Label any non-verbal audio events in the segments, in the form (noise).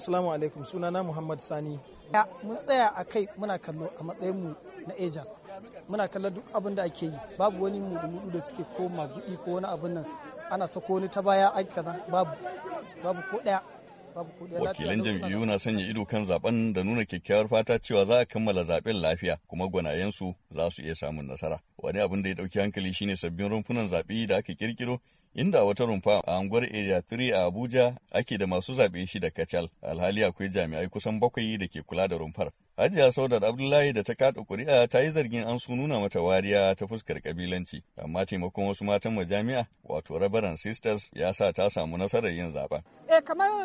Assalamu alaikum sunana Muhammad Sani. Mun tsaya a kai muna kallo a matsayin mu na eja. Muna kallon duk abin da ake yi babu wani mudu da suke ko magudi ko wani abin nan ana sako wani ta baya ai kaza babu babu ko daya Wakilan jam'iyyu na sanya ido kan zaben da nuna kyakkyawar fata cewa za a kammala zaben lafiya kuma su za su iya samun nasara. Wani abin da ya ɗauki hankali shine sabbin rumfunan zaɓe da aka kirkiro inda wata rumfa a unguwar area 3 a abuja ake da masu zaɓe shi da kacal alhali akwai jami'ai kusan bakwai da ke kula da rumfar hajiya saudat abdullahi da ta kaɗa ƙuri'a ta yi zargin an su nuna mata wariya ta fuskar kabilanci amma taimakon wasu matan majami'a wato rabaran sisters ya sa ta samu nasarar yin zaɓen. eh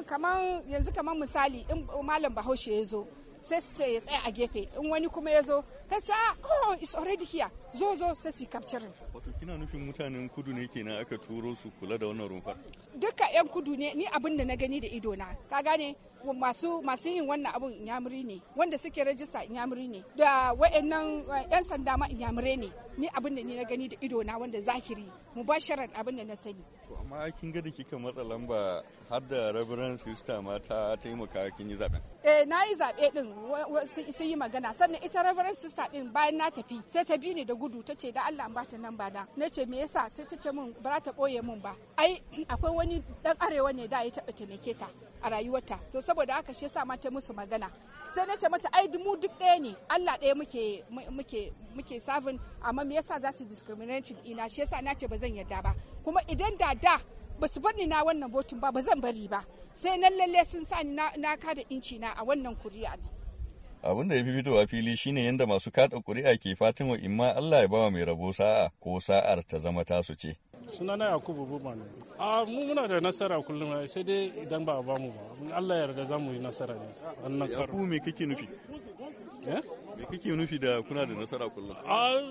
kamar yanzu kamar misali in malam bahaushe ya zo sai su ce ya tsaya a gefe in wani kuma ya zo ta ce oh it's already here zo zo sai su capturing wato kina nufin mutanen kudu ne kenan aka turo su kula da wannan rumfar duka yan kudu ne ni abin da na gani da ido na ka gane masu masu yin wannan abun inyamuri ne wanda suke rajista inyamuri ne da wayannan yan eh, sanda ma inyamure ne ni abin da ni na gani da ido na wanda zahiri mubasharan abin da na sani to amma kin ga da kika matsa lamba har da Reverend Sister ma ta taimaka kin yi zaben. Eh na yi zaɓe din sun yi magana sannan ita Reverend Sister ɗin bayan na tafi sai ta bi ni da gudu ta ce da Allah ba ta nan ba da na ce me yasa sai ta ce min ba ta boye mun ba ai (clears throat) akwai wani dan arewa ne da ya taba taimake ta a rayuwarta to saboda haka shi yasa ma ta musu magana sai na ce mata ai mu duk ɗaya ne Allah ɗaya muke muke muke sabin amma me yasa za su discriminating ina shi yasa na ce ba zan yarda ba kuma idan da da ba su bar ni na wannan botun ba ba zan bari ba sai nan lalle sun sa ni na kada inci na a wannan kuri'a ne abin da ya fi fitowa fili shine yadda masu kada kuri'a ke fatan wa imma Allah ya bawa mai rabo sa'a ko sa'ar ta zama tasu ce sunana yakubu buba ne a mu muna da nasara kullum sai dai idan ba a bamu ba Allah ya yarda za mu yi nasara ne wannan karo me kake nufi eh? Me kake nufi da kuna da nasara kullum? Ah.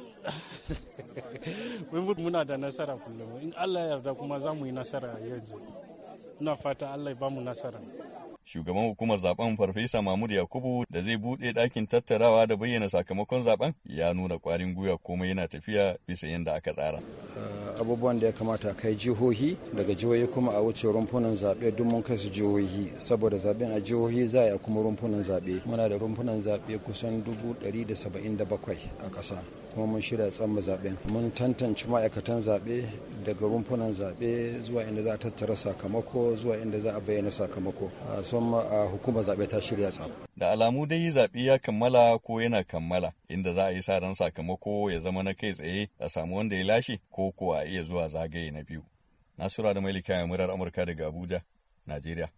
(laughs) Muna da nasara kullum. In Allah ya yarda kuma za mu yi nasara yanzu. Ina fata Allah ya bamu nasara. Shugaban hukumar zaben Farfesa Mahmud Yakubu da zai buɗe dakin tattarawa da bayyana sakamakon zaben ya nuna kwarin gwiwa komai yana tafiya bisa yadda aka tsara. Ah, abubuwan da ya kamata kai jihohi daga jihohi kuma a wuce rumfunan zaɓe duk mun kai su jihohi saboda zaɓen a jihohi za a kuma rumfunan zaɓe muna da rumfunan zaɓe kusan dubu ɗari da saba'in da bakwai a ƙasa kuma mun shirya tsamma zaɓen mun tantance ma'aikatan zaɓe daga rumfunan zaɓe zuwa inda za a tattara sakamako zuwa inda za a bayyana sakamako sun a hukumar zaɓe ta shirya tsam. da alamu dai zaɓe ya kammala ko yana kammala inda za a yi sa ran sakamako ya zama na kai tsaye a samu wanda ya lashe ko kuwa iya zuwa zagaye na biyu. Nasura da Malika murar Amurka daga Abuja, Najeriya.